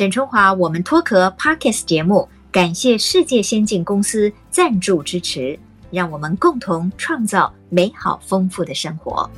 沈春華，我們脫殼 Podcast 節目感謝世界先進公司贊助支持，讓我們共同創造美好豐富的生活。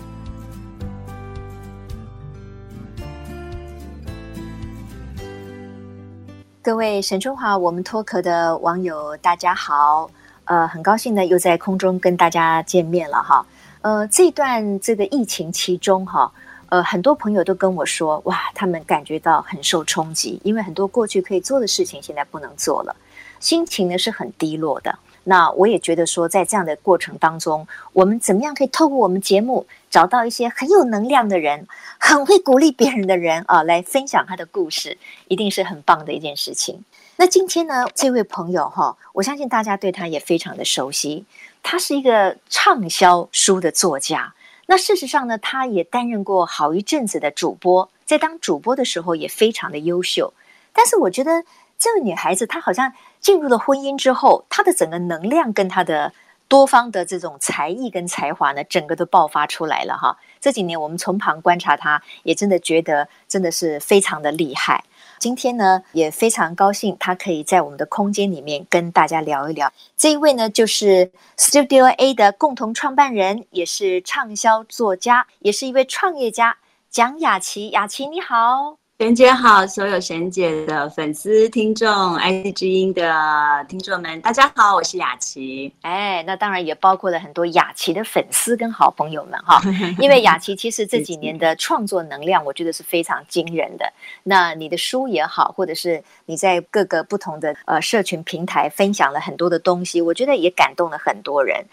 各位沈春華，我們脫殼的網友大家好，呃，很高興呢又在空中跟大家見面了哈。呃，這一段這個疫情期中哈。呃，很多朋友都跟我說，哇，他們感覺到很受衝擊，因為很多過去可以做的事情現在不能做了，心情呢是很低落的。那我也覺得說，在這樣的過程當中，我們怎麼樣可以透過我們節目找到一些很有能量的人，很會鼓勵別人的人啊，來分享他的故事，一定是很棒的一件事情。那今天呢，這位朋友哈、哦，我相信大家對他也非常的熟悉，他是一個暢銷書的作家。那事實上呢，她也擔任過好一陣子的主播，在當主播的時候也非常的優秀。但是我覺得這個女孩子，她好像進入了婚姻之後，她的整個能量跟她的多方的這種才藝跟才華呢，整個都爆發出來了哈。這幾年我們從旁觀察她，也真的覺得真的是非常的厲害。今天呢，也非常高興，他可以在我們的空間裡面跟大家聊一聊。這一位呢，就是 Studio A 的共同創辦人，也是暢銷作家，也是一位創業家，蔣雅淇。雅淇，你好。璇姐好，所有璇姐的粉絲、聽眾，IC 之音的聽眾們，大家好，我是雅淇。哎，那當然也包括了很多雅淇的粉絲跟好朋友們哈， 因為雅淇其實這幾年的創作能量，我覺得是非常驚人的。 那你的書也好，或者是你在各個不同的呃社群平台分享了很多的東西，我覺得也感動了很多人。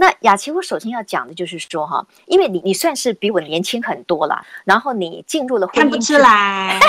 那雅淇，我首先要講的就是說哈，因為你你算是比我年輕很多了，然後你進入了婚姻，看不出來，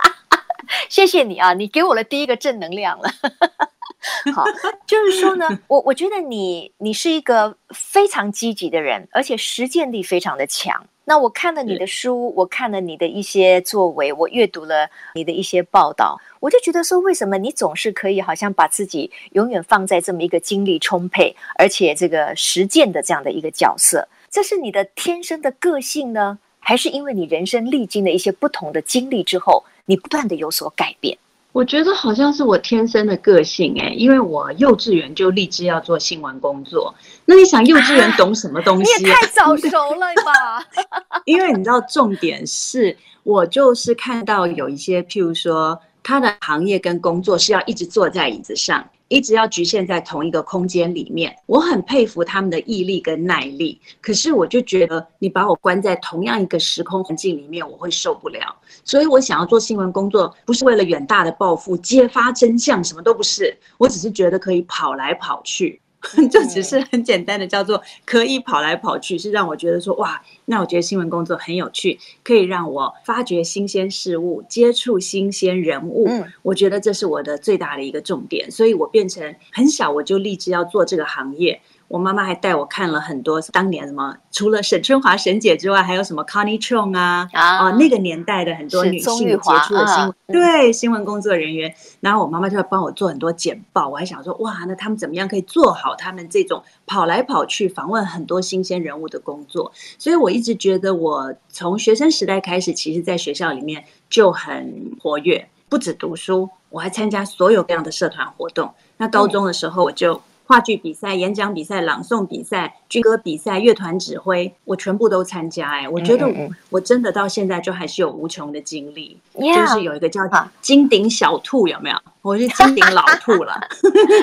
謝謝你啊，你給我了第一個正能量了。 好，就是說呢，我我覺得你你是一個非常積極的人，而且實踐力非常的強。那我看了你的書， 我看了你的一些作為，我閱讀了你的一些報道，我就覺得說，為什麼你總是可以好像把自己永遠放在這麼一個精力充沛，而且這個實踐的這樣的一個角色？這是你的天生的個性呢，還是因為你人生歷經了一些不同的經歷之後，你不斷的有所改變？我覺得好像是我天生的個性欸，因為我幼稚園就立志要做新聞工作。那你想幼稚園懂什麼東西啊？你也太早熟了吧！ 因為你知道，重點是我就是看到有一些，譬如說，他的行業跟工作是要一直坐在椅子上。一直要侷限在同一個空間裡面，我很佩服他們的毅力跟耐力。可是我就覺得，你把我關在同樣一個時空環境裡面，我會受不了。所以我想要做新聞工作，不是為了遠大的抱負、揭發真相，什麼都不是。我只是覺得可以跑來跑去。 就只是很簡單的叫做可以跑來跑去，是讓我覺得說哇，那我覺得新聞工作很有趣，可以讓我發掘新鮮事物，接觸新鮮人物。我覺得這是我的最大的一個重點，所以我變成很小我就立志要做這個行業。我媽媽還帶我看了很多當年什麼，除了沈春華沈姐之外，還有什麼 Connie Chung 啊、啊，啊，那個年代的很多女性傑出的新、嗯、對新聞工作人員。然後我媽媽就要幫我做很多簡報，我還想說哇，那他們怎麼樣可以做好他們這種跑來跑去訪問很多新鮮人物的工作？所以我一直覺得我從學生時代開始，其實在學校裡面就很活躍，不止讀書，我還參加所有各樣的社團活動。那高中的時候我就、嗯。話劇比賽、演講比賽、朗誦比賽、軍歌比賽、樂團指揮，我全部都參加、欸。哎，我覺得我真的到現在就還是有無窮的精力。Yeah. 就是有一個叫金頂小兔，有沒有？我是金頂老兔了。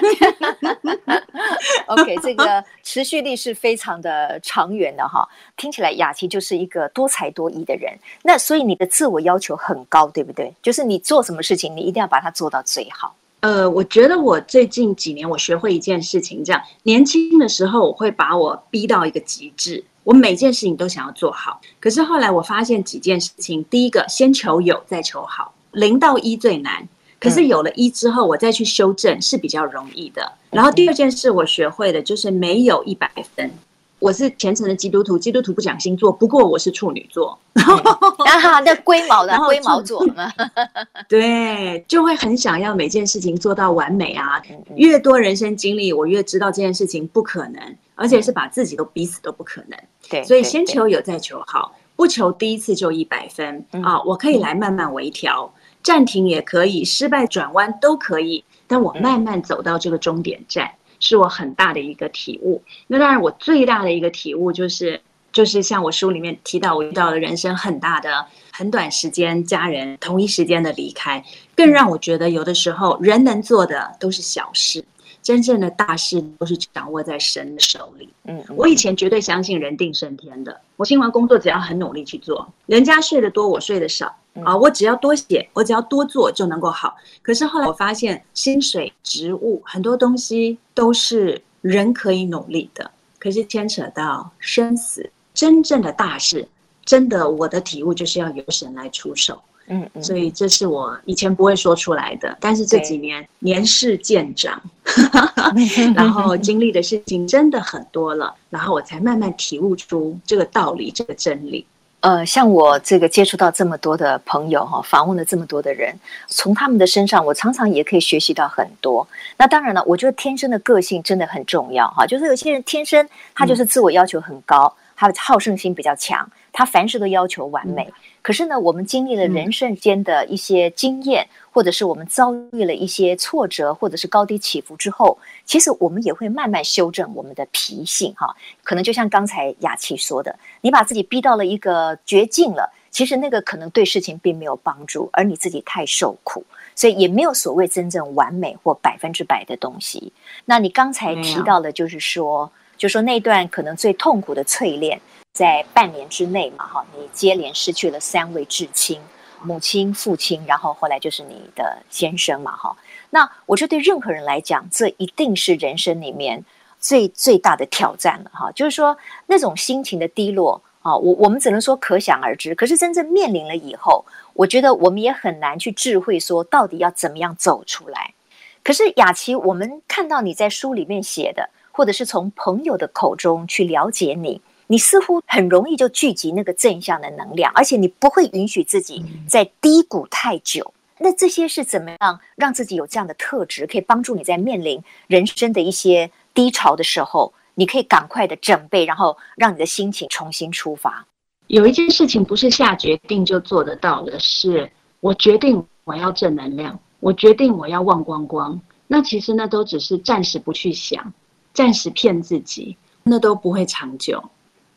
OK， okay 這個持續力是非常的長遠的哈。聽起來雅淇就是一個多才多藝的人。那所以你的自我要求很高，對不對？就是你做什麼事情，你一定要把它做到最好。呃，我覺得我最近幾年我學會一件事情，這樣年輕的時候我會把我逼到一個極致，我每件事情都想要做好。可是後來我發現幾件事情，第一個先求有再求好，零到一最難，可是有了一之後我再去修正是比較容易的。然後第二件事我學會的就是沒有一百分。我是虔誠的基督徒，基督徒不講星座。不過我是處女座，哈哈，那龜毛的龜毛座，對，就會很想要每件事情做到完美啊。越多人生經歷，我越知道這件事情不可能，而且是把自己都逼死都不可能。所以先求有，再求好，不求第一次就一百分，對對對，啊。我可以來慢慢微調，嗯，暫停也可以，失敗轉彎都可以，但我慢慢走到這個終點站，是我很大的一個體悟。那當然，我最大的一個體悟就是，就是像我書裡面提到，我遇到了人生很大的、很短時間家人同一時間的離開，更讓我覺得有的時候人能做的都是小事，真正的大事都是掌握在神的手裡。嗯，嗯，我以前絕對相信人定勝天的，我新聞工作只要很努力去做，人家睡得多，我睡得少。啊、哦，我只要多寫，我只要多做就能夠好。可是後來我發現，薪水、職務很多東西都是人可以努力的。可是牽扯到生死，真正的大事，真的我的體悟就是要由神來出手。嗯嗯。所以這是我以前不會說出來的。但是這幾年年事漸長，呵呵 然後經歷的事情真的很多了，然後我才慢慢體悟出這個道理，這個真理。呃，像我這個接觸到這麼多的朋友哈，訪問了這麼多的人，從他們的身上，我常常也可以學習到很多。那當然了，我覺得天生的個性真的很重要哈。就是有些人天生他就是自我要求很高，嗯、他的好勝心比較強，他凡事都要求完美、嗯。可是呢，我們經歷了人世間的一些經驗。嗯嗯或者是我們遭遇了一些挫折，或者是高低起伏之後，其實我們也會慢慢修正我們的脾性哈。可能就像剛才雅淇說的，你把自己逼到了一個絕境了，其實那個可能對事情並沒有幫助，而你自己太受苦，所以也沒有所謂真正完美或百分之百的東西。那你剛才提到的，就是說，就是說那段可能最痛苦的淬煉，在半年之內嘛哈，你接連失去了三位至親。母親、父親，然後後來就是你的先生嘛，哈。那我覺得對任何人來講，這一定是人生裡面最最大的挑戰了，哈。就是說那種心情的低落，啊，我我們只能說可想而知。可是真正面臨了以後，我覺得我們也很難去智慧說到底要怎麼樣走出來。可是雅淇，我們看到你在書裡面寫的，或者是從朋友的口中去了解你。你似乎很容易就聚集那個正向的能量，而且你不會允許自己在低谷太久。那這些是怎麼樣讓自己有這樣的特質，可以幫助你在面臨人生的一些低潮的時候，你可以趕快的準備，然後讓你的心情重新出發。有一件事情不是下決定就做得到的是，是我決定我要正能量，我決定我要忘光光。那其實那都只是暫時不去想，暫時騙自己，那都不會長久。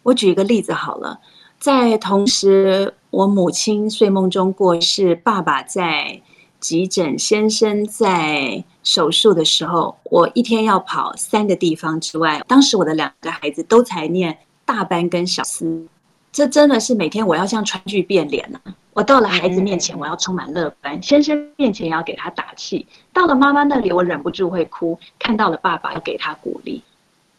我舉一個例子好了，在同時，我母親睡夢中過世，爸爸在急診，先生在手術的時候，我一天要跑三個地方之外。當時我的兩個孩子都才念大班跟小四，這真的是每天我要像川劇變臉了啊。我到了孩子面前，我要充滿樂觀；先生面前要給他打氣；到了媽媽那裡，我忍不住會哭；看到了爸爸，要給他鼓勵。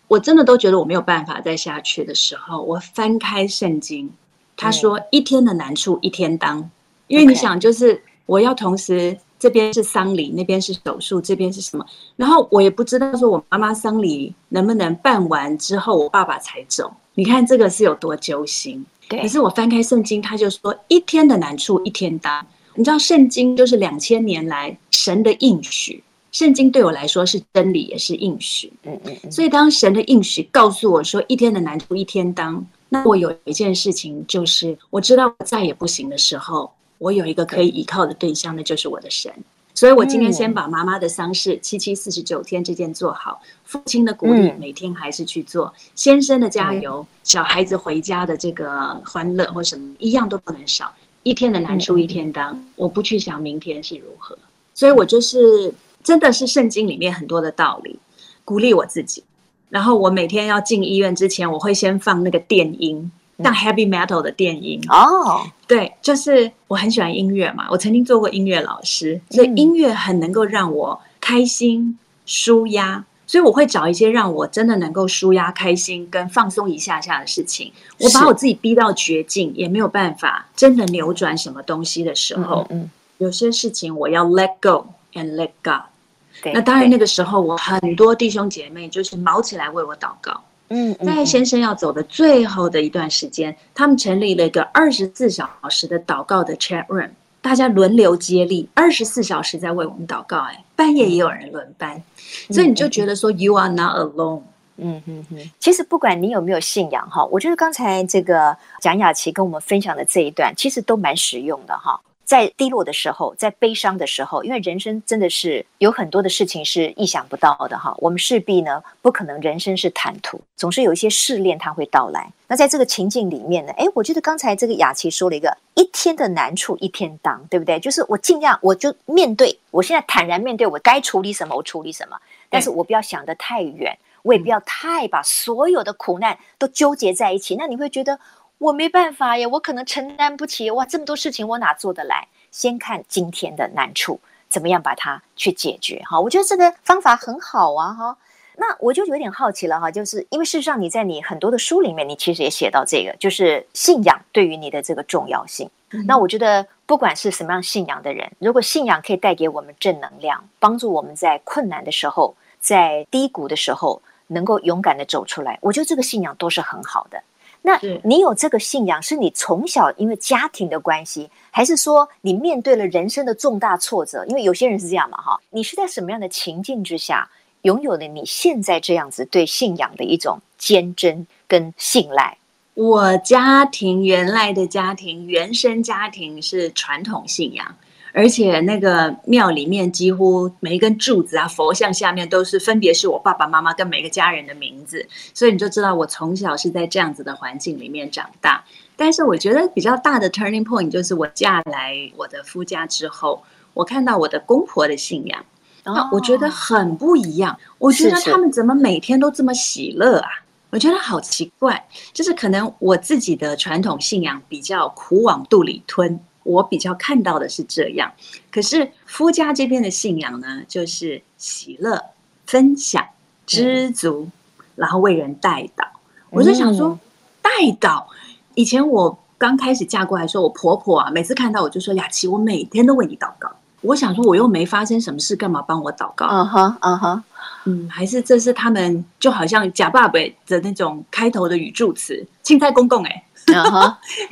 我真的都覺得我沒有辦法再下去的時候，我翻開聖經，他說：“一天的難處一天當。”因為你想，Okay. 就是我要同時這邊是喪禮，那邊是手術，這邊是什麼？然後我也不知道，說我媽媽喪禮能不能辦完之後，我爸爸才走。你看這個是有多揪心？Okay. 可是我翻開聖經，他就說：“一天的難處一天當。”你知道聖經就是兩千年來神的應許。聖經對我來說是真理，也是應許、嗯嗯。所以當神的應許告訴我說，一天的難處一天當，那我有一件事情就是，我知道我再也不行的時候，我有一個可以依靠的對象，嗯、那就是我的神。所以我今天先把媽媽的喪事、嗯、七七四十九天這件做好，父親的鼓勵每天還是去做，嗯、先生的加油、嗯，小孩子回家的這個歡樂或什麼一樣都不能少。一天的難處一天當、嗯，我不去想明天是如何。所以我就是。真的是聖經裡面很多的道理，鼓勵我自己。然後我每天要進醫院之前，我會先放那個電音，像 heavy metal 的電音哦、嗯。對，就是我很喜歡音樂嘛，我曾經做過音樂老師，所以音樂很能夠讓我開心、舒壓、嗯。所以我會找一些讓我真的能夠舒壓、開心跟放鬆一下下的事情。我把我自己逼到絕境，也沒有辦法真的扭轉什麼東西的時候嗯嗯，有些事情我要 let go。and let go。那當然，那個時候我很多弟兄姐妹就是卯起來為我禱告。嗯嗯，在先生要走的最後的一段時間，嗯嗯、他們成立了一個二十四小時的禱告的 chat room，大家輪流接力，二十四小時在為我們禱告、欸。哎、嗯，半夜也有人輪班、嗯，所以你就覺得說，you are not alone。嗯嗯嗯，嗯。其實不管你有沒有信仰哈，我覺得剛才這個蔣雅淇跟我們分享的這一段，其實都蠻實用的哈。在低落的時候，在悲傷的時候，因為人生真的是有很多的事情是意想不到的哈。我們勢必呢不可能人生是坦途，總是有一些試煉它會到來。那在這個情境裡面呢，誒，我覺得剛才這個雅淇說了一個“一天的難處一天當”，對不對？就是我儘量我就面對，我現在坦然面對，我該處理什麼我處理什麼，但是我不要想得太遠，我也不要太把所有的苦難都糾結在一起。那你會覺得？我沒辦法呀，我可能承擔不起，哇，這麼多事情我哪做得來？先看今天的難處，怎麼樣把它去解決？哈，我覺得這個方法很好啊，哈。那我就有點好奇了，哈，就是因為事實上你在你很多的書裡面，你其實也寫到這個，就是信仰對於你的這個重要性。嗯。那我覺得不管是什麼樣信仰的人，如果信仰可以帶給我們正能量，幫助我們在困難的時候，在低谷的時候能夠勇敢的走出來，我覺得這個信仰都是很好的。那你有這個信仰，是你從小因為家庭的關係，還是說你面對了人生的重大挫折？因為有些人是這樣嘛，哈，你是在什麼樣的情境之下擁有了你現在這樣子對信仰的一種堅貞跟信賴？我家庭原來的家庭，原生家庭是傳統信仰。而且那個廟裡面幾乎每一根柱子啊、佛像下面都是分別是我爸爸媽媽跟每個家人的名字，所以你就知道我從小是在這樣子的環境裡面長大。但是我覺得比較大的 turning point 就是我嫁來我的夫家之後，我看到我的公婆的信仰，然後我覺得很不一樣。我覺得他們怎麼每天都這麼喜樂啊？我覺得好奇怪，就是可能我自己的傳統信仰比較苦往肚裡吞。我比較看到的是這樣，可是夫家這邊的信仰呢，就是喜樂、分享、知足，嗯、然後為人代禱。我就想說，代、嗯嗯、禱。以前我剛開始嫁過來時候，我婆婆啊，每次看到我就說：“雅淇，我每天都為你禱告。”我想說，我又沒發生什麼事，幹嘛幫我禱告？嗯哼，嗯哼，嗯，還是這是他們就好像假爸爸的那種開頭的語助詞，親太公公哎。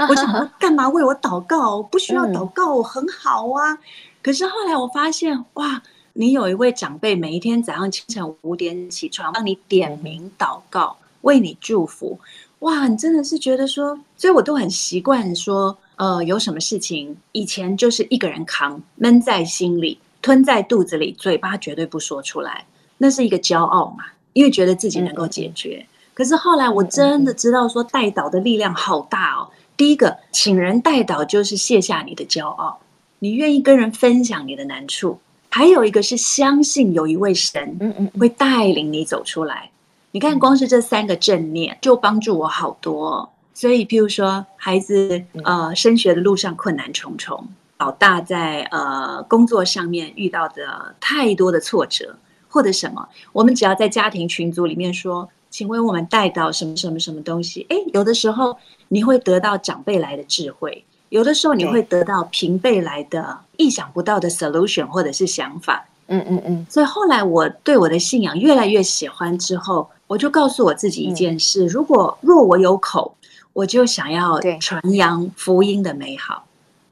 我想幹嘛為我禱告？我不需要禱告，我、嗯、很好啊。可是後來我發現，哇，你有一位長輩，每一天早上清晨五點起床，幫你點名禱告、嗯，為你祝福。哇，你真的是覺得說，所以我都很習慣說，呃，有什麼事情，以前就是一個人扛，悶在心裡，吞在肚子裡，嘴巴絕對不說出來，那是一個驕傲嘛，因為覺得自己能夠解決。嗯可是後來我真的知道，說代禱的力量好大哦。第一個，請人代禱，就是卸下你的驕傲，你願意跟人分享你的難處；還有一個是相信有一位神，嗯嗯，會帶領你走出來。你看，光是這三個正念就幫助我好多哦。所以，譬如說，孩子呃，升學的路上困難重重；老大在呃工作上面遇到的太多的挫折，或者什麼，我們只要在家庭群組裡面說。請為我們帶到什麼什麼什麼東西？誒，有的時候你會得到長輩來的智慧，有的時候你會得到平輩來的意想、嗯、不到的 solution 或者是想法。嗯嗯嗯。所以後來我對我的信仰越來越喜歡之後，我就告訴我自己一件事：嗯、如果若我有口，我就想要傳揚福音的美好。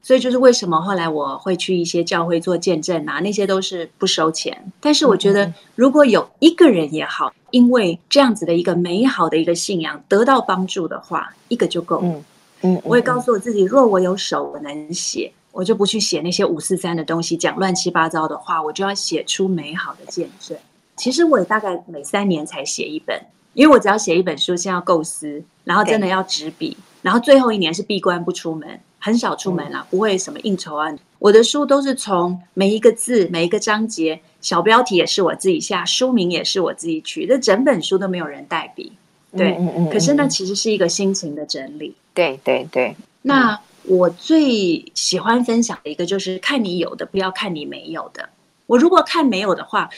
所以就是為什麼後來我會去一些教會做見證啊，那些都是不收錢，但是我覺得如果有一個人也好。嗯嗯因為這樣子的一個美好的一個信仰得到幫助的話，一個就夠嗯嗯,嗯，我也告訴我自己，若我有手，我能寫，我就不去寫那些五四三的東西，講亂七八糟的話，我就要寫出美好的見證。其實我也大概每三年才寫一本，因為我只要寫一本書，先要構思，然後真的要執筆、哎，然後最後一年是閉關不出門，很少出門了、嗯，不會什麼應酬啊。我的書都是從每一個字、每一個章節。小標題也是我自己下，書名也是我自己取，這整本書都沒有人代筆，對。嗯嗯、可是那、嗯、其實是一個心情的整理，對對對。那我最喜歡分享的一個就是、嗯、看你有的，不要看你沒有的。我如果看沒有的話，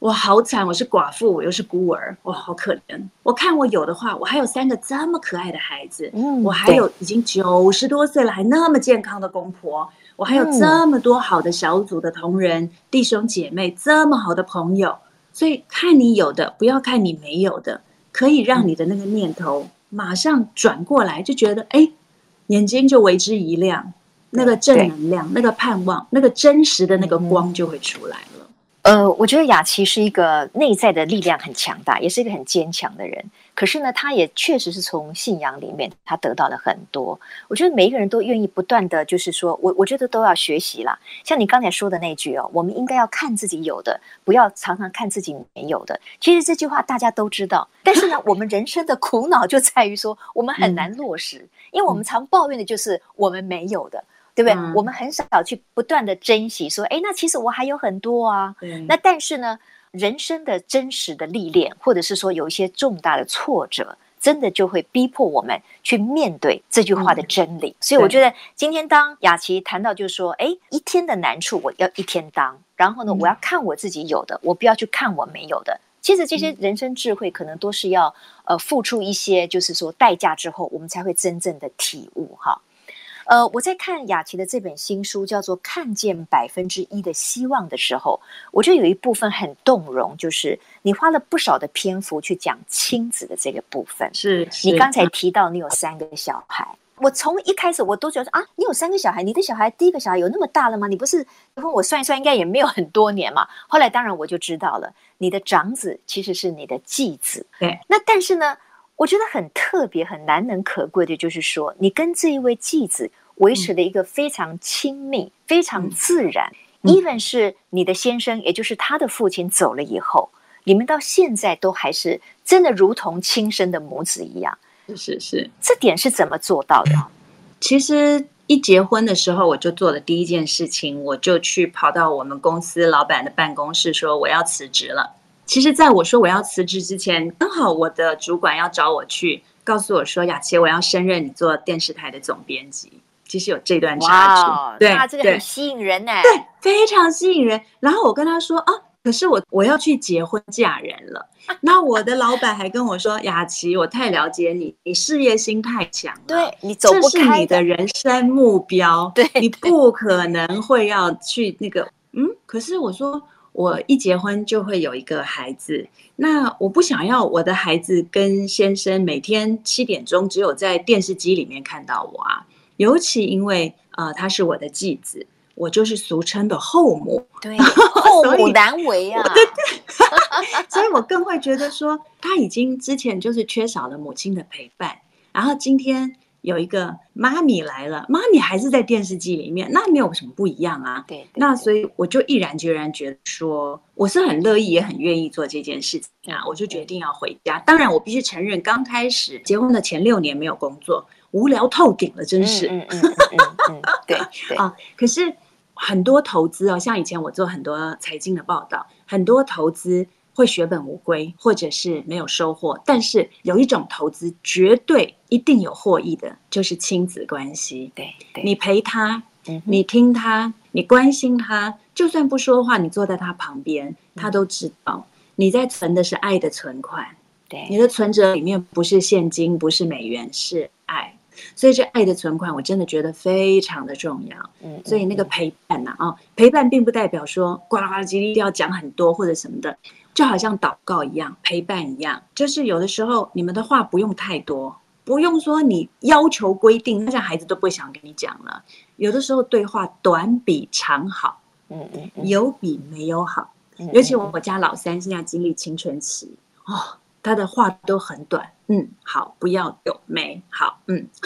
我好慘，我是寡婦，我又是孤兒，我好可憐。我看我有的話，我還有三個這麼可愛的孩子，嗯、我還有已經九十多歲了還那麼健康的公婆。我還有這麼多好的小組的同仁、嗯、弟兄姐妹，這麼好的朋友，所以看你有的，不要看你沒有的，可以讓你的那個念頭馬上轉過來，就覺得哎、嗯欸，眼睛就為之一亮，那個正能量、那個盼望、那個真實的那個光就會出來了。呃，我覺得雅淇是一個內在的力量很強大，也是一個很堅強的人。可是呢，他也確實是從信仰裡面他得到了很多。我覺得每一個人都願意不斷的，就是說我我覺得都要學習啦。像你剛才說的那句哦，我們應該要看自己有的，不要常常看自己沒有的。其實這句話大家都知道，但是呢， 我們人生的苦惱就在於說我們很難落實，嗯、因為我們常抱怨的就是我們沒有的，嗯、對不對、嗯？我們很少去不斷的珍惜說，說哎，那其實我還有很多啊。嗯、那但是呢，人生的真實的歷練，或者是說有一些重大的挫折，真的就會逼迫我們去面對這句話的真理。嗯、所以我覺得今天當雅淇談到，就是說，誒，一天的難處我要一天當，然後呢，我要看我自己有的，嗯、我不要去看我沒有的。其實這些人生智慧，可能都是要呃付出一些，就是說代價之後，我們才會真正的體悟哈。呃，我在看雅淇的這本新書，叫做《看見百分之一的希望》的時候，我就有一部分很動容，就是你花了不少的篇幅去講親子的這個部分。是，是，你剛才提到你有三個小孩，我從一開始我都覺得啊，你有三個小孩，你的小孩第一個小孩有那麼大了嗎？你不是，你問我算一算，應該也沒有很多年嘛。後來當然我就知道了，你的長子其實是你的繼子。對，那但是呢？我覺得很特別、很難能可貴的，就是說，你跟這一位繼子維持了一個非常親密、嗯、非常自然、嗯。Even 是你的先生，也就是他的父親走了以後，你們到現在都還是真的如同親生的母子一樣。是是是，這點是怎麼做到的？其實一結婚的時候，我就做了第一件事情，我就去跑到我們公司老板的辦公室，說我要辭職了。其實，在我說我要辭職之前，剛好我的主管要找我去，告訴我說：“雅淇，我要升任你做電視台的總編輯。”其實有這段插曲，wow, 對，這個很吸引人呢，對，非常吸引人。然後我跟他說：“啊，可是我我要去結婚嫁人了。”那我的老闆還跟我說：“ 雅淇，我太了解你，你事業心太強了，對你走不開的、就是、你的人生目標對對對，你不可能會要去那個。”嗯，可是我說。我一結婚就會有一個孩子，那我不想要我的孩子跟先生每天七點鐘只有在電視機裡面看到我啊，尤其因為呃他是我的繼子，我就是俗稱的後母。對，後母難為啊， 所以我， 所以我更會覺得說他已經之前就是缺少了母親的陪伴，然後今天。有一個媽咪來了，媽咪還是在電視機裡面，那沒有什麼不一樣啊。對，對，對，那所以我就毅然決然覺得說，我是很樂意也很願意做這件事情啊，我就決定要回家。當然，我必須承認，剛開始結婚的前六年沒有工作，無聊透頂了，真是。嗯嗯嗯嗯。嗯嗯嗯 對對啊，可是很多投資啊，哦，像以前我做很多財經的報道，很多投資。會血本無歸，或者是沒有收穫。但是有一種投資絕對一定有獲益的，就是親子關係。對，對，你陪他、嗯，你聽他，你關心他，就算不說話，你坐在他旁邊、嗯，他都知道你在存的是愛的存款。對，你的存折裡面不是現金，不是美元，是愛。所以這愛的存款，我真的覺得非常的重要。嗯，嗯，嗯，所以那個陪伴呢、啊？啊，陪伴並不代表說呱啦呱啦嘰哩一定要講很多或者什麼的。就好像禱告一樣，陪伴一樣，就是有的時候你們的話不用太多，不用說你要求規定，那像孩子都不想跟你講了。有的時候對話短比長好，嗯，有比沒有好。尤其我家老三現在經歷青春期哦，他的話都很短，嗯，好，不要有沒好，嗯。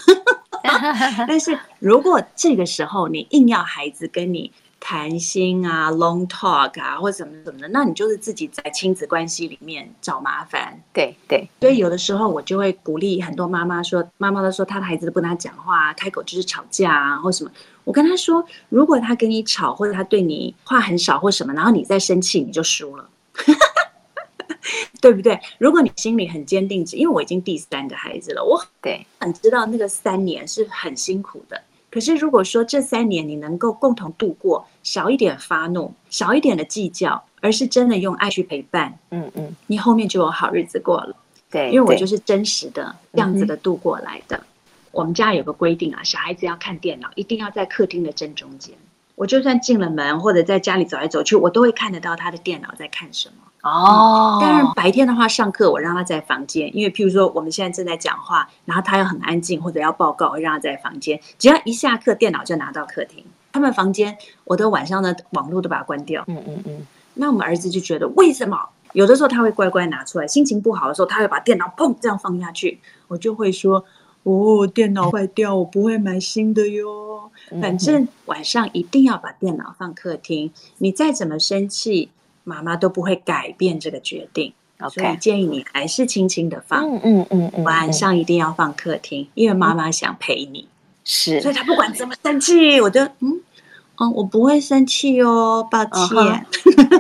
但是如果這個時候你硬要孩子跟你。談心啊，long talk 啊，或怎麼怎麼的，那你就是自己在親子關係裡面找麻煩。對對，所以有的時候我就會鼓勵很多媽媽說：“媽媽都說她的孩子都不跟她講話，開口就是吵架啊，或什麼。”我跟她說：“如果她跟你吵，或者她對你話很少，或什麼，然後你再生氣，你就輸了， 對不對？如果你心裡很堅定，因為我已經第三個孩子了，我對很知道那個三年是很辛苦的。”可是，如果說這三年你能夠共同度過，少一點發怒，少一點的計較，而是真的用愛去陪伴，嗯嗯，你後面就有好日子過了。對，因為我就是真實的這樣子的度過來的。嗯。我們家有個規定啊，小孩子要看電腦，一定要在客廳的正中間。我就算進了門，或者在家裡走來走去，我都會看得到他的電腦在看什麼。哦，當然白天的話，上課我讓他在房間，因為譬如說我們現在正在講話，然後他要很安靜或者要報告，我讓他在房間。只要一下課，電腦就拿到客廳。他們房間，我的晚上的網絡都把它關掉。嗯嗯嗯。那我們兒子就覺得，為什麼有的時候他會乖乖拿出來，心情不好的時候，他會把電腦砰這樣放下去。我就會說，哦，電腦壞掉，我不會買新的喲。嗯嗯。反正晚上一定要把電腦放客廳，你再怎麼生氣。媽媽都不會改變這個決定，Okay. 所以建議你還是輕輕的放。嗯嗯嗯，晚上一定要放客廳，嗯，因為媽媽想陪你。是，所以她不管怎麼生氣，我就嗯嗯、啊，我不會生氣哦，抱歉。Uh-huh.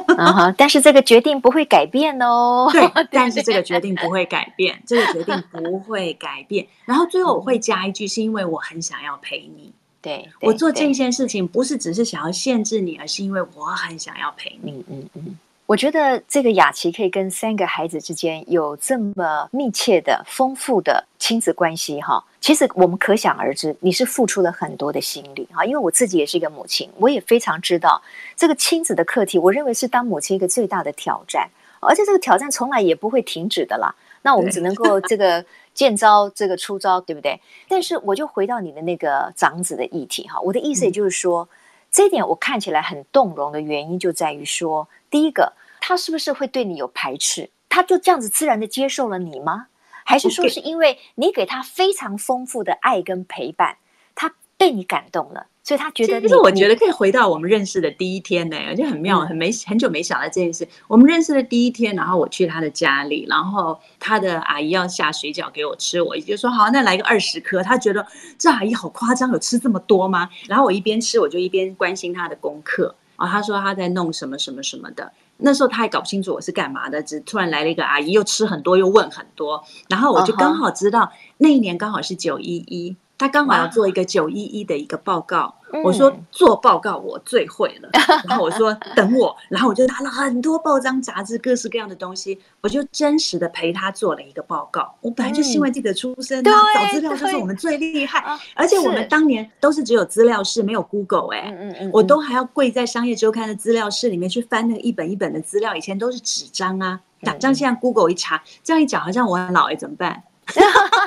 Uh-huh. 但是這個決定不會改變哦。對，但是這個決定不會改變， 這個決定不會改變。然後最後我會加一句， 是因為我很想要陪你。對，對，對，我做這件事情，不是只是想要限制你，而是因為我很想要陪你。嗯嗯，我覺得這個雅淇可以跟三個孩子之間有這麼密切的、豐富的親子關係。哈，其實我們可想而知，你是付出了很多的心力哈，因為我自己也是一個母親，我也非常知道這個親子的課題。我認為是當母親一個最大的挑戰，而且這個挑戰從來也不會停止的啦。那我們只能夠這個。 見招這個出招對不對？但是我就回到你的那個長子的議題哈，我的意思也就是說，嗯，這一點我看起來很動容的原因就在於說，第一個他是不是會對你有排斥？他就這樣子自然地接受了你嗎？還是說是，是因為你給他非常豐富的愛跟陪伴，他被你感動了？所以他覺得，就是我覺得可以回到我們認識的第一天呢、欸，就很妙，嗯、很沒很久沒想到這件事。我們認識的第一天，然後我去他的家裡，然後他的阿姨要下水餃給我吃，我也就說好，那來個二十顆。他覺得這阿姨好誇張，有吃這麼多嗎？然後我一邊吃，我就一邊關心他的功課啊、哦。他說他在弄什麼什麼什麼的。那時候他還搞不清楚我是幹嘛的，只突然來了一個阿姨，又吃很多，又問很多。然後我就剛好知道，哦、那一年剛好是九一一，他剛好要做一個九一一的一個報告。我說做報告我最會了，嗯、然後我說等我， 然後我就拿了很多報章雜誌，各式各樣的東西，我就真實的陪他做了一個報告。嗯、我本來就新聞系的出身、啊，找資料就是我們最厲害、啊。而且我們當年都是只有資料室沒有 Google，哎、欸嗯嗯嗯，我都還要跪在商業周刊的資料室裡面去翻那個一本一本的資料，以前都是紙張啊，打、嗯、仗，現在 Google 一查，這樣一講好像我老了、欸、怎麼辦？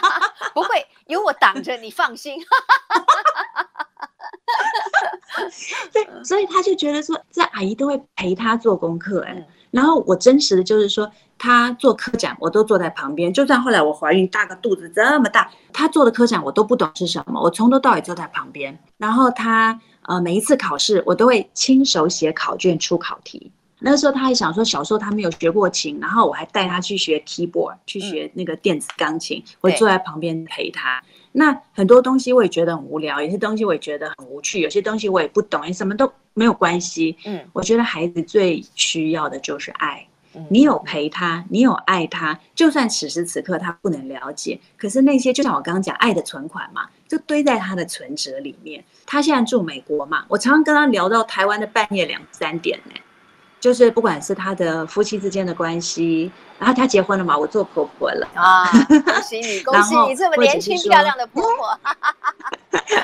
不會，有我擋着你，你放心。 對，所以他就覺得說，這阿姨都會陪他做功課哎、欸。然後我真實的，就是說他做科展，我都坐在旁邊。就算後來我懷孕，大個肚子這麼大，他做的科展我都不懂是什麼，我從頭到尾坐在旁邊。然後他呃，每一次考試，我都會親手寫考卷出考題。那時候他還想說，小時候他沒有學過琴，然後我還帶他去學 keyboard，去學那個電子鋼琴，我坐在旁邊陪他、嗯。那很多東西我也覺得很無聊，有些東西我也覺得很無趣，有些東西我也不懂，什麼都沒有關係。嗯，我覺得孩子最需要的就是愛，你有陪他，你有愛他，就算此時此刻他不能了解，可是那些就像我剛剛講，愛的存款嘛，就堆在他的存折裡面。他現在住美國嘛，我常常跟他聊到台灣的半夜兩三點呢、欸。就是不管是他的夫妻之間的關係，然、啊、後他結婚了嘛，我做婆婆了啊，恭喜你，恭喜你這麼年輕漂亮 是 Hi 的婆婆，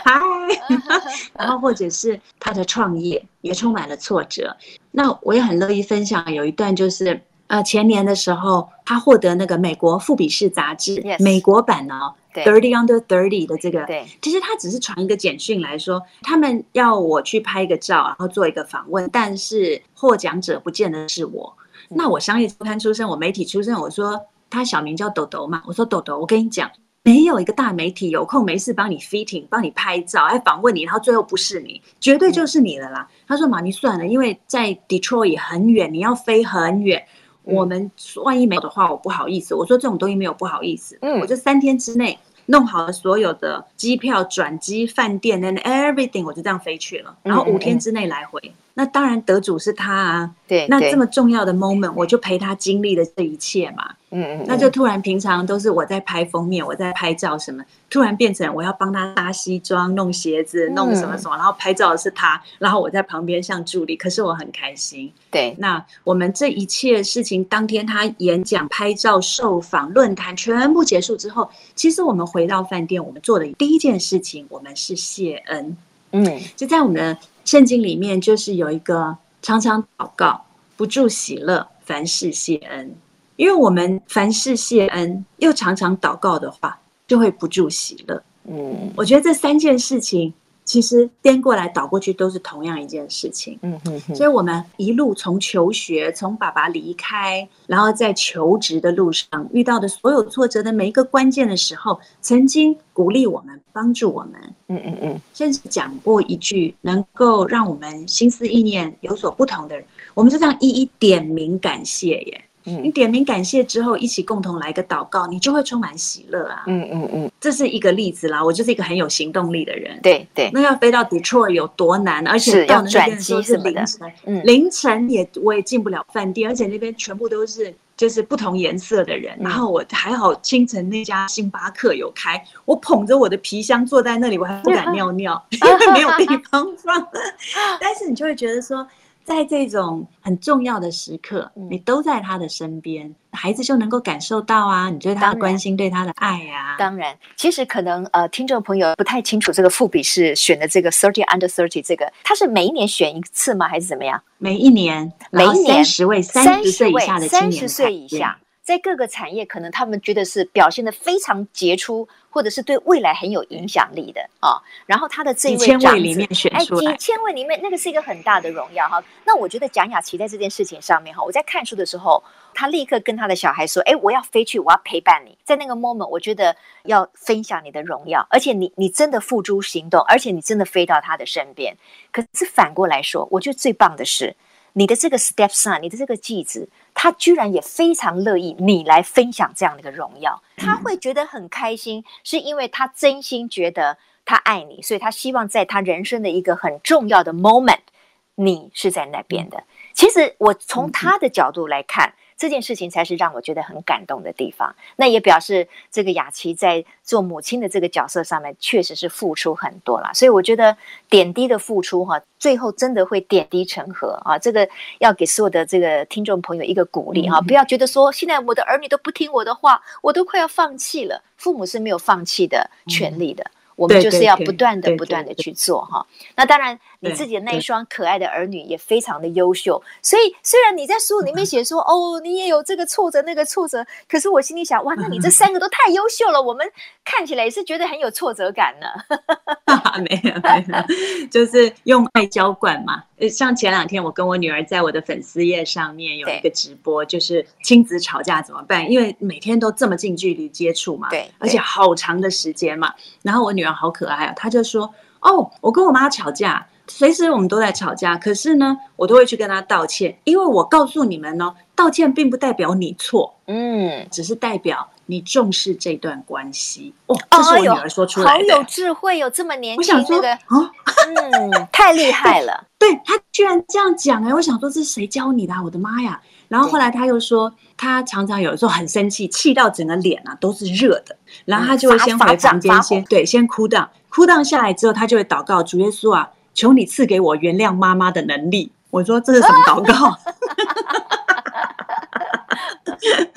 哈 然後或者是他的創業也充滿了挫折，那我也很樂意分享有一段就是。呃，前年的時候，他獲得那個美國《富比士》雜誌、yes. 美國版呢30 Under 30的這個對對，其實他只是傳一個簡訊來說，他們要我去拍一個照，然後做一個訪問，但是獲獎者不見得是我。嗯、那我商業周刊出身，我媒體出身，我說他小名叫豆豆嘛，我說豆豆，我跟你講，沒有一個大媒體有空沒事幫你 fitting，幫你拍照，還訪問你，然後最後不是你，絕對就是你的啦、嗯。他說：“媽，你算了，因為在 Detroit 很遠，你要飛很遠。”我們萬一沒有的話，我不好意思。我說這種東西沒有不好意思，嗯，我就三天之內弄好了所有的機票、轉機、飯店，and everything，我就這樣飛去了，然後五天之內來回。嗯那當然得主是他啊！對，對，那這麼重要的 moment，我就陪他經歷了這一切嘛，嗯嗯，那就突然平常都是我在拍封面，嗯嗯、我在拍照什麼，突然變成我要幫他搭西裝、弄鞋子、弄什麼什麼、嗯，然後拍照的是他，然後我在旁邊像助理，可是我很開心。對，那我們這一切事情當天他演講、拍照、受訪、論壇全部結束之後，其實我們回到飯店，我們做的第一件事情，我們是謝恩，嗯，就在我們的。聖經裡面就是有一個，常常禱告，不住喜樂，凡事謝恩。因為我們凡事謝恩，又常常禱告的話，就會不住喜樂。嗯，我覺得這三件事情。其實顛過來倒過去都是同樣一件事情。嗯嗯嗯。所以我們一路從求學，從爸爸離開，然後在求職的路上遇到的所有挫折的每一個關鍵的時候，曾經鼓勵我們、幫助我們。嗯嗯嗯。甚至講過一句能夠讓我們心思意念有所不同的人，我們就這樣一一點名感謝耶。你點名感謝之後，一起共同來個禱告，你就會充滿喜樂啊！嗯嗯嗯，這是一個例子啦。我就是一個很有行動力的人。對對，那要飛到 Detroit 有多難？而且到那邊的時候是凌晨，嗯、凌晨也我也進不了飯店，而且那邊全部都是就是不同顏色的人，嗯。然後我還好，清晨那家星巴克有開，我捧着我的皮箱坐在那裡，我還不敢尿尿，因為沒有地方放。但是你就會覺得說。在這種很重要的時刻，你都在他的身邊、嗯，孩子就能夠感受到啊、嗯，你對他的關心，嗯、對他的愛呀、啊。當然，其實可能呃，聽眾朋友不太清楚，這個富比士選的這個 thirty under thirty 這個，它是每一年選一次嗎？還是怎麼樣？每一年，30每一年十位三十歲以下的青年歲以下對，在各個產業，可能他們覺得是表現得非常傑出。或者是對未來很有影響力的啊、哦，然後他的這一千位裡面選出哎，幾千位裡面那個是一個很大的榮耀哈。 那我覺得蔣雅淇在這件事情上面哈，我在看書的時候，他立刻跟他的小孩說：“哎、欸，我要飛去，我要陪伴你。”在那個 moment，我覺得要分享你的榮耀，而且你你真的付諸行動，而且你真的飛到他的身邊。可是反過來說，我覺得最棒的是。你的這個 stepson，你的這個繼子，他居然也非常樂意你來分享這樣的一個榮耀，他會覺得很開心，是因為他真心覺得他愛你，所以他希望在他人生的一個很重要的 moment，你是在那邊的。其實我從他的角度來看。嗯嗯這件事情才是讓我覺得很感動的地方。那也表示，這個雅琪在做母親的這個角色上面，確實是付出很多了。所以我覺得點滴的付出哈、啊，最後真的會點滴成河啊！這個要給所有的這個聽眾朋友一個鼓勵哈、啊，不要覺得說現在我的兒女都不聽我的話，我都快要放棄了。父母是沒有放棄的權利的。我們就是要不斷的、不斷的去做哈、哦。那當然，你自己的那一雙可愛的兒女也非常的優秀。對對對對。所以，雖然你在書裡面寫說、嗯，哦，你也有這個挫折、那個挫折，可是我心裡想，哇，那你這三個都太優秀了、嗯，我們看起來也是覺得很有挫折感呢。 啊、沒有，沒有，就是用愛澆灌嘛。呃，像前兩天我跟我女兒在我的粉絲頁上面有一個直播，就是親子吵架怎麼辦？因為每天都這麼近距離接觸嘛，對，而且好長的時間嘛。然後我女兒好可愛啊、哦，她就說：“哦，我跟我媽吵架，隨時我們都在吵架，可是呢，我都會去跟她道歉，因為我告訴你們呢、哦，道歉並不代表你錯，嗯，只是代表。”你重視這段關係哦，這是我女兒說出來、哦，好有智慧有這麼年輕，我想說啊、那個哦，嗯， 太厲害了，對，對他居然這樣講哎，我想說這是誰教你的、啊？我的媽呀！然後後來他又說，他常常有時候很生氣，氣到整個臉啊都是熱的，然後他就會先回房間先、嗯，對，先哭 down，哭 down 下來之後，他就會禱告主耶穌啊，求你賜給我原諒媽媽的能力。我說這是什麼禱告？啊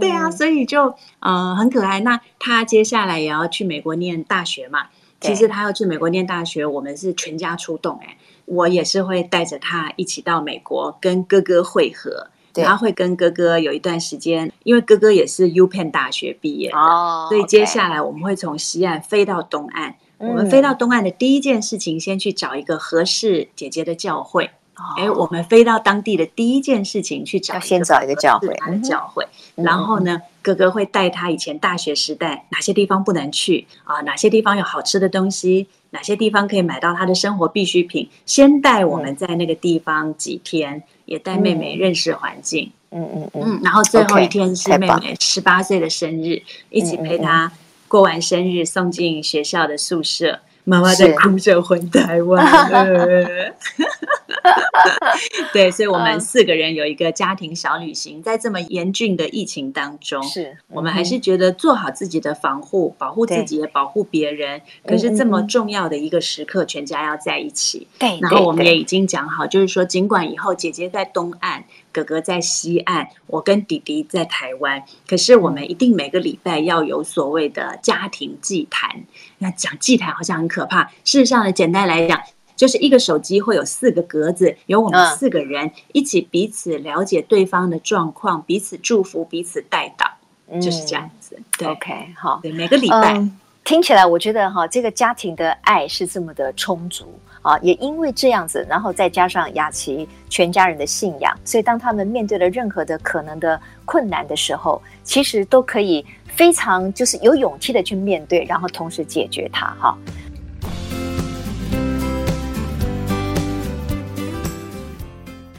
對啊，所以就、呃、很可愛。那他接下來也要去美國念大學嘛？其實他要去美國念大學，我們是全家出動哎、欸，我也是會帶着他一起到美國跟哥哥會合，他會跟哥哥有一段時間，因為哥哥也是 U Penn 大學畢業、Oh, okay. 所以接下來我們會從西岸飛到東岸。我們飛到東岸的第一件事情，先去找一個合適姐姐的教會。哎、欸，我們飛到當地的第一件事情去找，要先找一個教會，哥哥他的教會、嗯。然後呢，哥哥會帶他以前大學時代、嗯、哪些地方不能去啊？哪些地方有好吃的東西？哪些地方可以買到他的生活必需品？先帶我們在那個地方幾天，嗯、也帶妹妹認識環境。嗯嗯嗯，嗯，嗯。然後最後一天是妹妹十八歲的生日，嗯嗯嗯一起陪她過完生日，送進學校的宿舍。媽、嗯、媽、嗯嗯、在哭着回台灣。 對，所以我們四個人有一個家庭小旅行，呃、在這麼嚴峻的疫情當中，是、嗯、我們還是覺得做好自己的防護，保護自己也，保護別人。可是這麼重要的一個時刻，嗯、全家要在一起對對對。然後我們也已經講好，就是說，儘管以後姐姐在東岸，哥哥在西岸，我跟弟弟在台灣，可是我們一定每個禮拜要有所謂的家庭祭壇、嗯。那講祭壇好像很可怕，事實上呢，簡單來講。就是一個手機會有四個格子，有我們四個人一起彼此了解對方的狀況，嗯、彼此祝福，彼此帶導嗯，就是這樣子對。OK，好。對，每個禮拜、嗯、聽起來，我覺得哈、哦，這個家庭的愛是這麼的充足啊、哦！也因為這樣子，然後再加上雅淇全家人的信仰，所以當他們面對了任何的可能的困難的時候，其實都可以非常就是有勇氣的去面對，然後同時解決它哈。哦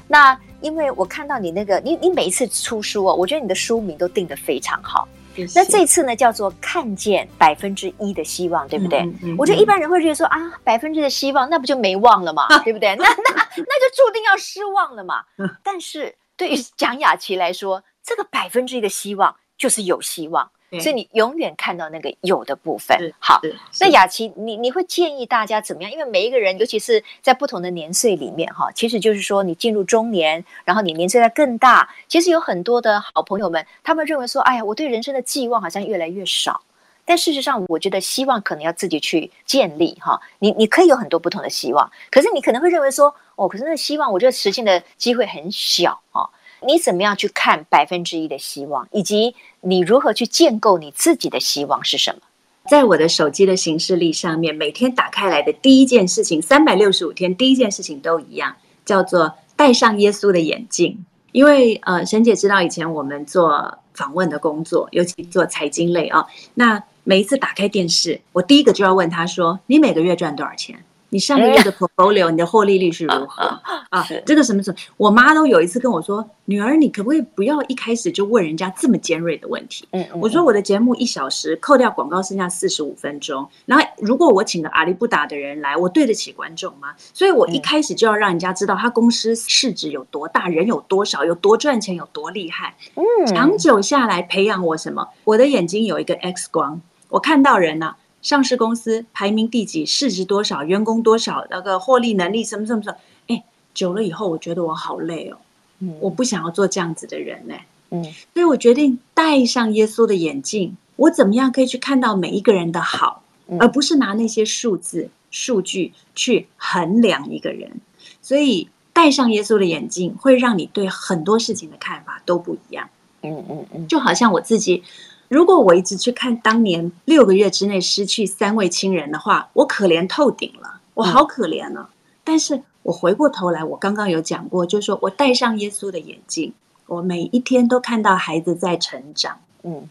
那因為我看到你那個，你你每一次出書哦，我覺得你的書名都定得非常好。謝謝。那這次呢，叫做《看見百分之一的希望》，對不對、嗯嗯嗯？我覺得一般人會覺得說啊，百分之一的希望，那不就沒望了嗎？對不對？ 那那那就注定要失望了嘛。 但是對於蔣雅淇來說，這個百分之一的希望就是有希望。所以你永遠看到那個有的部分。嗯、好，那雅淇，你你會建議大家怎麼樣？因為每一個人，尤其是在不同的年歲裡面，哈，其實就是說，你進入中年，然後你年歲在更大，其實有很多的好朋友們，他們認為說，哎呀，我對人生的寄望好像越來越少。但事實上，我覺得希望可能要自己去建立，哈，你你可以有很多不同的希望，可是你可能會認為說，哦，可是那希望我覺得實現的機會很小，哈。你怎麼樣去看百分之一的希望，以及你如何去建構你自己的希望是什麼？在我的手機的行事曆上面，每天打開來的第一件事情，三百六十五天第一件事情都一樣，叫做戴上耶穌的眼鏡。因為呃，沈姐知道以前我們做訪問的工作，尤其做財經類啊、哦，那每一次打開電視，我第一個就要問她說：你每個月賺多少錢？你上個月的 portfolio，、哎、你的獲利率是如何、哎、啊、嗯？這個什麼什麼，我媽都有一次跟我說：“女兒，你可不可以不要一開始就問人家這麼尖銳的問題？”嗯嗯、我說我的節目一小時，扣掉廣告剩下四十五分鐘。然後如果我請個阿里不達的人來，我對得起觀眾嗎？所以，我一開始就要讓人家知道他公司市值有多大，人有多少，有多賺錢，有多厲害。嗯、長久下來培養我什麼？我的眼睛有一個 X 光，我看到人呢、啊。上市公司排名第幾，市值多少，員工多少，那個獲利能力什麼什麼什麼？哎、欸，久了以後，我覺得我好累哦、嗯。我不想要做這樣子的人呢、欸。嗯，所以我決定戴上耶穌的眼鏡，我怎麼樣可以去看到每一個人的好，而不是拿那些數字數據去衡量一個人。所以戴上耶穌的眼鏡，會讓你對很多事情的看法都不一樣。嗯嗯嗯，就好像我自己。如果我一直去看當年六個月之內失去三位親人的話，我可憐透頂了，我好可憐啊！嗯。但是我回過頭來，我剛剛有講過，就是說我戴上耶穌的眼鏡，我每一天都看到孩子在成長，嗯，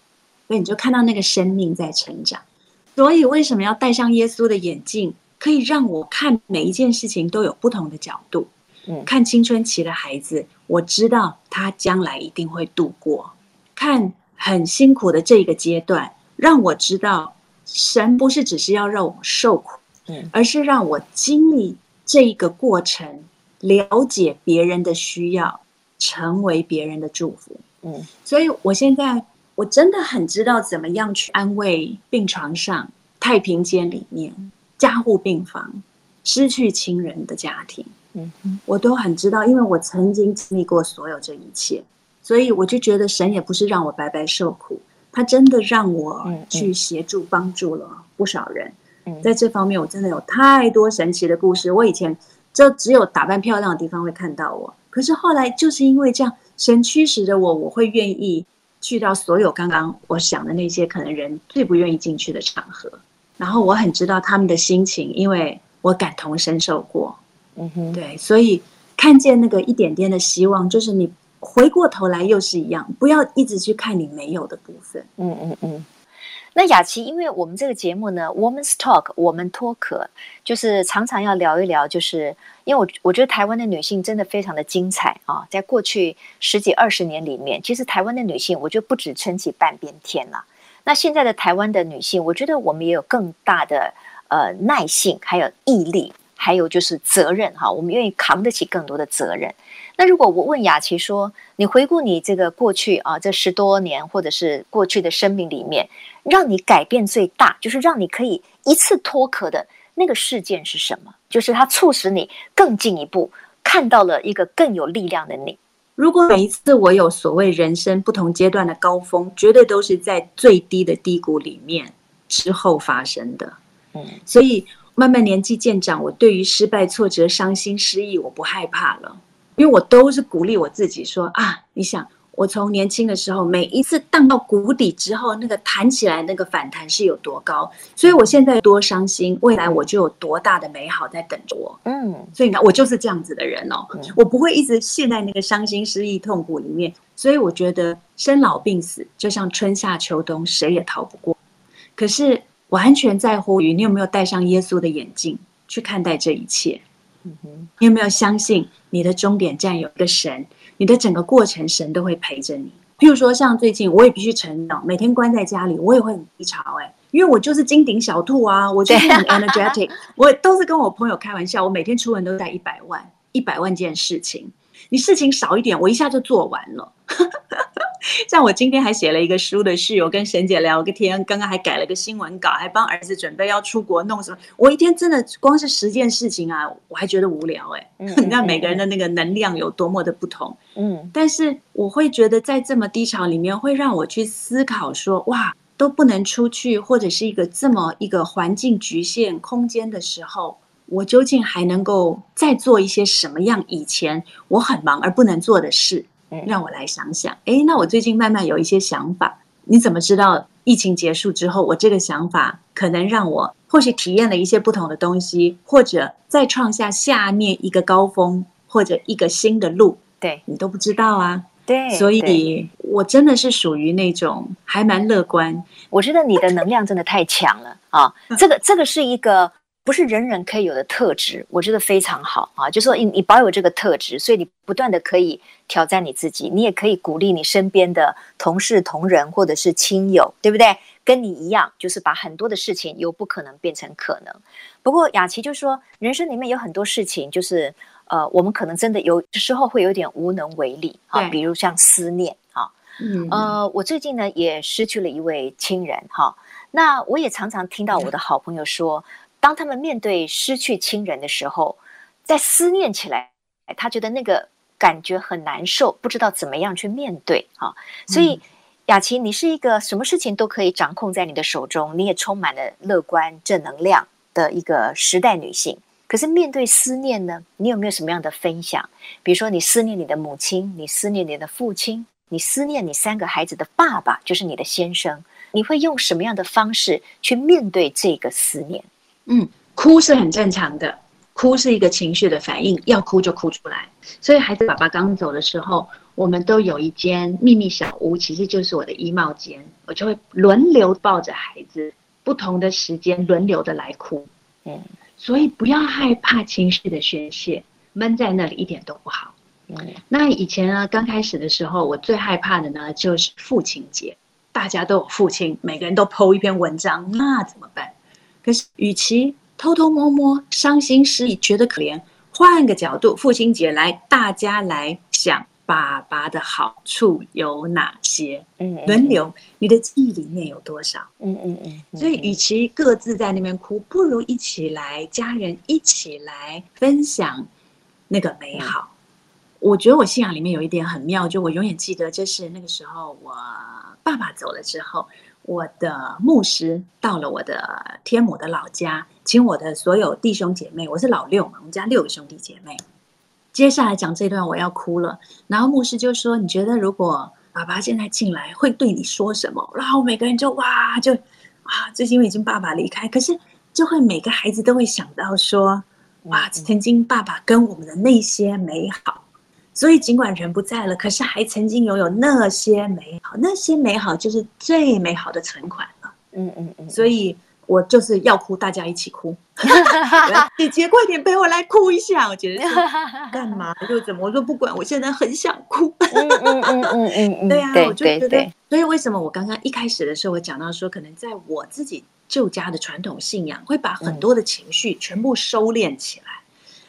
所以你就看到那個生命在成長。所以為什麼要戴上耶穌的眼鏡？可以讓我看每一件事情都有不同的角度，嗯，看青春期的孩子，我知道他將來一定會度過，看。很辛苦的這個階段，讓我知道，神不是只是要讓我受苦，嗯，而是讓我經歷這一個過程，了解別人的需要，成為別人的祝福，嗯，所以我現在我真的很知道怎麼樣去安慰病床上、太平間裡面、加護病房、失去親人的家庭，嗯，我都很知道，因為我曾經經歷過所有這一切。所以我就覺得神也不是讓我白白受苦，他真的讓我去協助幫助了不少人。在這方面我真的有太多神奇的故事。我以前就只有打扮漂亮的地方會看到我，可是後來就是因為這樣，神驅使着我，我會願意去到所有剛剛我想的那些可能人最不願意進去的場合。然後我很知道他們的心情，因為我感同身受過。嗯哼，對，所以看見那個一點點的希望，就是你。回過頭來又是一樣，不要一直去看你沒有的部分。嗯嗯嗯。那雅淇，因為我們這個節目呢，《Woman's Talk》，我們脫殼，就是常常要聊一聊，就是因為我我覺得台灣的女性真的非常的精彩啊！在過去十幾二十年裡面，其實台灣的女性，我覺得不止撐起半邊天了，啊。那現在的台灣的女性，我覺得我們也有更大的呃耐性，還有毅力，還有就是責任哈，啊，我們願意扛得起更多的責任。那如果我問雅淇說：“你回顧你這個過去啊，這十多年或者是過去的生命裡面，讓你改變最大，就是讓你可以一次脫殼的那個事件是什麼？就是它促使你更進一步看到了一個更有力量的你。如果每一次我有所謂人生不同階段的高峰，絕對都是在最低的低谷裡面之後發生的。嗯，所以慢慢年紀漸長，我對於失敗、挫折、傷心、失意，我不害怕了。”因為我都是鼓勵我自己說啊，你想我從年輕的時候，每一次盪到谷底之後，那個彈起來，那個反彈是有多高？所以我現在多傷心，未來我就有多大的美好在等着我。嗯，所以呢，我就是這樣子的人哦，我不會一直陷在那個傷心、失意、痛苦裡面。所以我覺得生老病死就像春夏秋冬，誰也逃不過。可是完全在乎於你有沒有戴上耶穌的眼鏡去看待這一切。你有沒有相信你的終點站有一個神？你的整個過程，神都會陪着你。譬如說，像最近我也必須承認，每天關在家裡，我也會很低潮、欸。哎，因為我就是金頂小兔啊，我就是很 energetic， 我都是跟我朋友開玩笑，我每天出門都在一百萬、一百萬件事情。你事情少一點，我一下就做完了。 像我今天還寫了一個書的事，我跟沈姐聊個天，剛剛還改了個新聞稿，還幫兒子準備要出國弄什麼。我一天真的光是十件事情啊，我還覺得無聊誒、欸嗯。你看每個人的那個能量有多麼的不同，嗯。但是我會覺得在這麼低潮裡面，會讓我去思考說，哇，都不能出去，或者是一個這麼一個環境局限空間的時候，我究竟還能夠再做一些什麼樣以前我很忙而不能做的事？嗯，讓我來想想，誒，那我最近慢慢有一些想法。你怎麼知道疫情結束之後，我這個想法可能讓我或許體驗了一些不同的東西，或者再創下下面一個高峰，或者一個新的路？對你都不知道啊。對，所以我真的是屬於那種還蠻樂觀。我覺得你的能量真的太強了 啊！這個這個是一個。不是人人可以有的特質，我覺得非常好啊！就是、說你，你保有這個特質，所以你不斷的可以挑戰你自己，你也可以鼓勵你身邊的同事同人、同仁或者是親友，對不對？跟你一樣，就是把很多的事情由不可能變成可能。不過雅淇就說，人生裡面有很多事情，就是呃，我們可能真的有時候會有點無能為力啊，比如像思念啊、嗯。呃，我最近呢也失去了一位親人哈、啊，那我也常常聽到我的好朋友說。嗯當他們面對失去親人的時候，在思念起來，他覺得那個感覺很難受，不知道怎麼樣去面對啊。所以，嗯、雅淇，你是一個什麼事情都可以掌控在你的手中，你也充滿了樂觀正能量的一個時代女性。可是面對思念呢，你有沒有什麼樣的分享？比如說，你思念你的母親，你思念你的父親，你思念你三個孩子的爸爸，就是你的先生，你會用什麼樣的方式去面對這個思念？嗯，哭是很正常的，哭是一個情緒的反應，要哭就哭出來。所以孩子爸爸剛走的時候，我們都有一間秘密小屋，其實就是我的衣帽間，我就會輪流抱着孩子，不同的時間輪流的來哭。嗯，所以不要害怕情緒的宣洩，悶在那裡一點都不好。嗯，那以前呢、啊，剛開始的時候，我最害怕的呢就是父親節，大家都有父親，每個人都 po 一篇文章，那怎麼辦？可是，與其偷偷摸摸、傷心失意、覺得可憐，換個角度，父親節來，大家來想爸爸的好處有哪些？嗯，輪流，你的記憶裡面有多少？嗯嗯嗯。所以，與其各自在那邊哭，不如一起來，家人一起來分享那個美好。我覺得我信仰裡面有一點很妙，就我永遠記得，就是那個時候我爸爸走了之後。我的牧師到了我的天母的老家，請我的所有弟兄姐妹，我是老六嘛，我們家六個兄弟姐妹。接下來講這段，我要哭了。然後牧師就說：“你覺得如果爸爸現在進來，會對你說什麼？”然後每個人就哇，就啊，就因為已經爸爸離開，可是就會每個孩子都會想到說，哇，曾經爸爸跟我們的那些美好。所以儘管人不在了，可是還曾經擁有那些美好，那些美好就是最美好的存款了。嗯嗯嗯。所以，我就是要哭，大家一起哭。 姐姐，快點陪我來哭一下。我覺得幹嘛又怎麼？我說不管，我現在很想哭。嗯嗯嗯嗯嗯嗯。嗯嗯嗯嗯 對啊，我覺得，對對對，所以為什麼我剛剛一開始的時候，我講到說，可能在我自己舊家的傳統信仰，會把很多的情緒全部收斂起來。嗯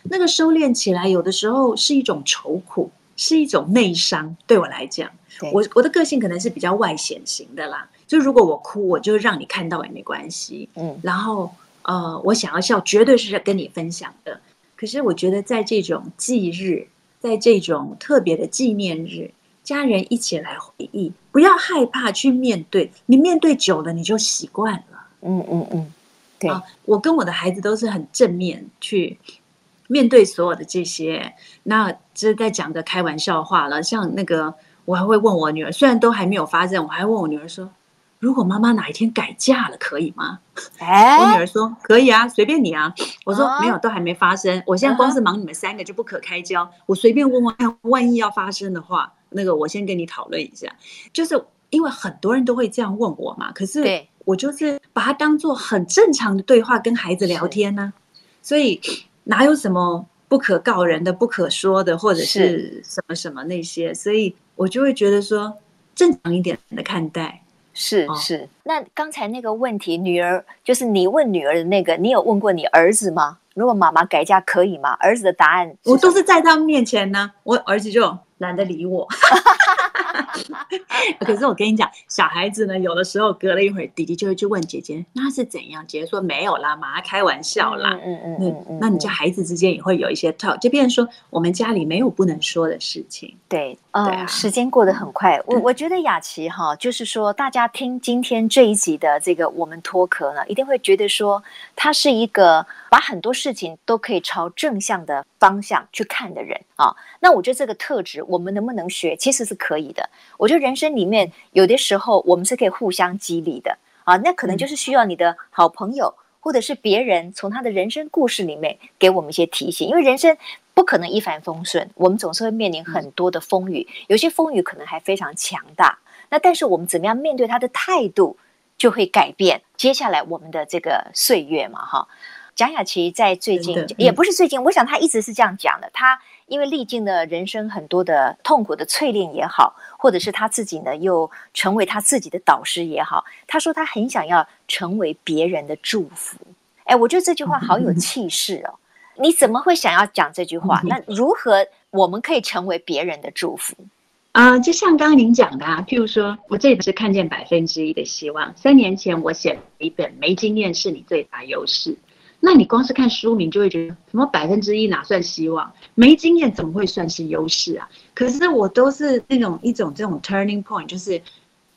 那個收斂起來，有的時候是一種愁苦，是一種內傷。對我來講，我我的個性可能是比較外顯型的啦。就如果我哭，我就讓你看到也沒關係。嗯，然後呃，我想要笑，絕對是跟你分享的。可是我覺得，在這種忌日，在這種特別的紀念日，家人一起來回憶，不要害怕去面對。你面對久了，你就習慣了。嗯嗯嗯，對、啊。我跟我的孩子都是很正面去面對所有的這些，那這是在講個開玩笑話了。像那個，我還會問我女兒，雖然都還沒有發生，我還問我女兒說：“如果媽媽哪一天改嫁了，可以嗎？”欸、我女兒說：“可以啊，隨便你啊。”我說、啊：“沒有，都還沒發生。我現在光是忙你們三個就不可開交，Uh-huh. 我隨便問問看，萬一要發生的話，那個我先跟你討論一下。”就是因為很多人都會這樣問我嘛，可是我就是把它當做很正常的對話跟孩子聊天呢、啊，所以。哪有什麼不可告人的、不可說的，或者是什麼什麼那些？所以我就會覺得說，正常一點的看待是、哦、是，是。那剛才那個問題，女兒就是你問女兒的那個，你有問過你兒子嗎？如果媽媽改嫁可以嗎？兒子的答案，我都是在他們面前呢、啊，我兒子就懶得理我。 可是我跟你講、啊，小孩子呢，有的時候隔了一會兒，弟弟就會去問姐姐，那是怎樣？姐姐說沒有啦，媽開玩笑啦。嗯嗯嗯，那，那你家孩子之間也會有一些 talk，就變成說，我們家裡沒有不能說的事情。對，對啊，呃、時間過得很快。嗯、我我覺得雅淇哈，就是說大家聽今天這一集的這個我們脫殼呢，一定會覺得說，它是一個把很多事情都可以朝正向的方向去看的人啊，那我覺得這個特質，我們能不能學？其實是可以的。我覺得人生裡面有的時候，我們是可以互相激勵的啊。那可能就是需要你的好朋友，或者是別人從他的人生故事裡面給我們一些提醒，因為人生不可能一帆風順，我們總是會面臨很多的風雨，有些風雨可能還非常強大。那但是我們怎麼樣面對他的態度，就會改變接下來我們的這個歲月嘛，哈。蔣雅淇在最近，對對，也不是最近，嗯，我想她一直是這樣講的。她因為歷盡了人生很多的痛苦的淬煉也好，或者是她自己呢又成為她自己的導師也好，她說她很想要成為別人的祝福。哎，我覺得這句話好有氣勢哦！嗯，你怎麼會想要講這句話，嗯？那如何我們可以成為別人的祝福啊，呃？就像剛剛您講的啊，譬如說我這次看見百分之一的希望，三年前我寫了一本《沒經驗是你最大優勢》。那你光是看書名就會覺得什麼，百分之一哪算希望？沒經驗怎麼會算是優勢啊？可是我都是那種一種這種 turning point，就是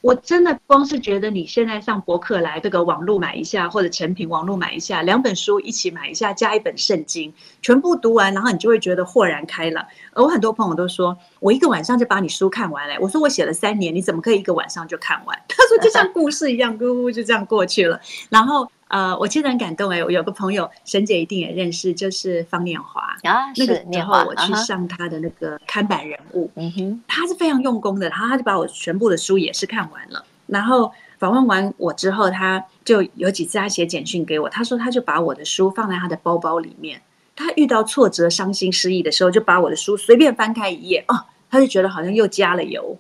我真的光是覺得你現在上博客來這個網路買一下，或者誠品網路買一下，兩本書一起買一下，加一本聖經，全部讀完，然後你就會覺得豁然開朗。而我很多朋友都說，我一個晚上就把你書看完了。我說我寫了三年，你怎麼可以一個晚上就看完？他說就像故事一樣，嗚 嗚就這樣過去了。然後。呃，我真的很感動、欸、我有個朋友，沈姐一定也認識，就是方念華、啊、念華那個然後我去上他的那個看板人物，嗯哼，他是非常用功的，然後他就把我全部的書也是看完了。然後訪問完我之後，他就有幾次他寫簡訊給我，他說他就把我的書放在他的包包裡面，他遇到挫折、傷心、失意的時候，就把我的書隨便翻開一頁，哦、啊，他就覺得好像又加了油。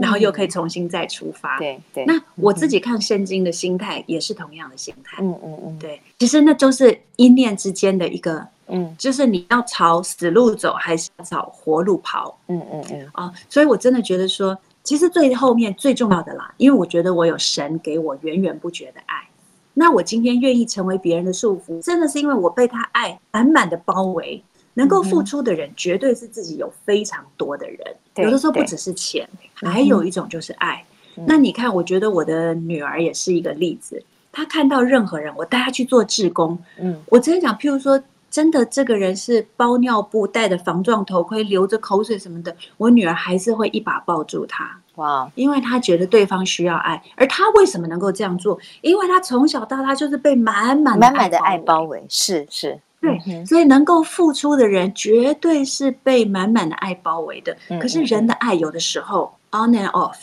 然後又可以重新再出發、嗯。對對、嗯，那我自己看聖經的心態也是同樣的心態。嗯嗯嗯，對，其實那就是一念之間的一個，嗯，就是你要朝死路走，還是要朝活路跑。嗯嗯嗯。啊、嗯呃，所以我真的覺得說，其實最後面最重要的啦，因為我覺得我有神給我源源不絕的愛，那我今天願意成為別人的束縛，真的是因為我被他愛滿滿的包圍。能夠付出的人，絕對是自己有非常多的人。嗯、有的時候不只是錢，還有一種就是愛。嗯、那你看，我覺得我的女兒也是一個例子。她、嗯、看到任何人，我帶她去做志工，嗯，我之前講，譬如說，真的這個人是包尿布、戴着防撞頭盔、流着口水什麼的，我女兒還是會一把抱住她。哇！因為她覺得對方需要愛，而她為什麼能夠這樣做？因為她從小到大就是被滿滿的滿滿的愛包圍，是是。對，所以能夠付出的人，絕對是被滿滿的愛包圍的。可是人的愛，有的時候 on and off，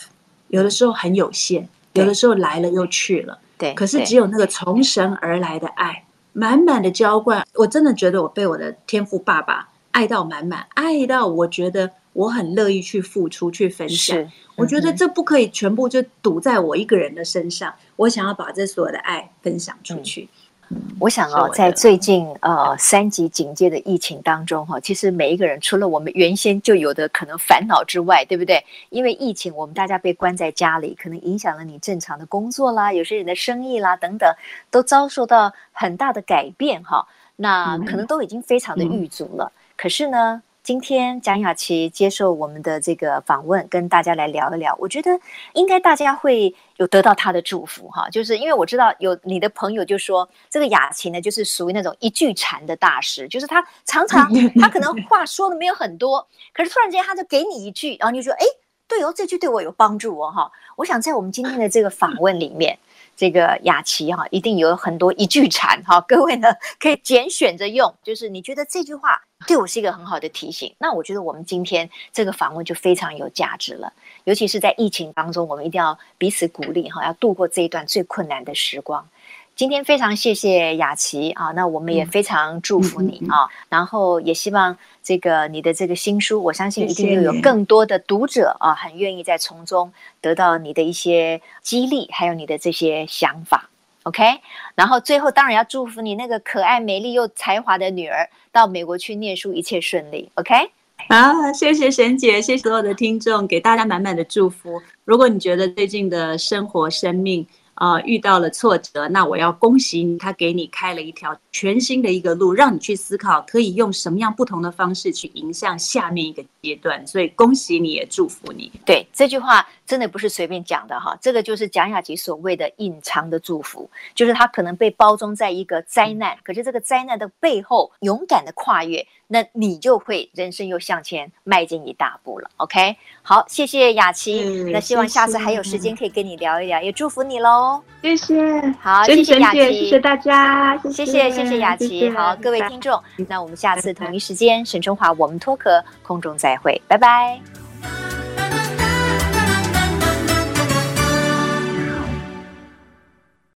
有的時候很有限，有的時候來了又去了。對，可是只有那個從神而來的愛，滿滿的澆灌。我真的覺得我被我的天父爸爸愛到滿滿，愛到我覺得我很樂意去付出、去分享。我覺得這不可以全部就堵在我一個人的身上，我想要把這所有的愛分享出去。嗯、我想哦，在最近呃三級警戒的疫情當中哈，其實每一個人除了我們原先就有的可能煩惱之外，對不對？因為疫情，我們大家被關在家裡，可能影響了你正常的工作啦，有些人的生意啦等等，都遭受到很大的改變哈。那可能都已經非常的鬱卒了、嗯，可是呢，嗯今天蔣雅淇接受我們的這個訪問，跟大家來聊一聊。我覺得應該大家會有得到他的祝福哈，就是因為我知道有你的朋友就說，這個雅淇呢就是屬於那種一句禪的大師，就是他常常他可能話說的沒有很多， 可是突然間他就給你一句，然後你就說哎，對哦，這句對我有幫助哦哈。我想在我們今天的這個訪問裡面。 這個雅淇哈一定有很多一句禪哈，各位呢可以揀選着用，就是你覺得這句話對我是一個很好的提醒，那我覺得我們今天這個訪問就非常有價值了，尤其是在疫情當中，我們一定要彼此鼓勵哈，要度過這一段最困難的時光。今天非常謝謝雅淇啊，那我們也非常祝福你、嗯嗯、啊，然後也希望這個你的這個新書，我相信一定又有更多的讀者謝謝啊，很願意在從中得到你的一些激勵，還有你的這些想法，OK？然後最後當然要祝福你那個可愛、美麗又才華的女兒到美國去念書，一切順利，OK？好，謝謝沈姐，謝謝所有的聽眾，給大家滿滿的祝福。如果你覺得最近的生活、生命，啊，遇到了挫折，那我要恭喜你，他給你開了一條全新的一個路，讓你去思考可以用什麼樣不同的方式去迎向下面一個階段。所以恭喜你，也祝福你。對，這句話真的不是隨便講的哈，這個就是蔣雅淇所謂的隱藏的祝福，就是他可能被包裝在一個災難，可是這個災難的背後，勇敢的跨越。那你就會人生又向前邁進一大步了，OK？好，謝謝雅淇，嗯、那希望下次謝謝還有時間可以跟你聊一聊，也祝福你嘍，謝謝，好，謝謝雅淇，神神謝謝大家謝謝，謝謝，謝謝雅淇，好，謝謝各位聽眾拜拜，那我們下次同一時間，拜拜沈春華我們脫殼空中再會，拜拜。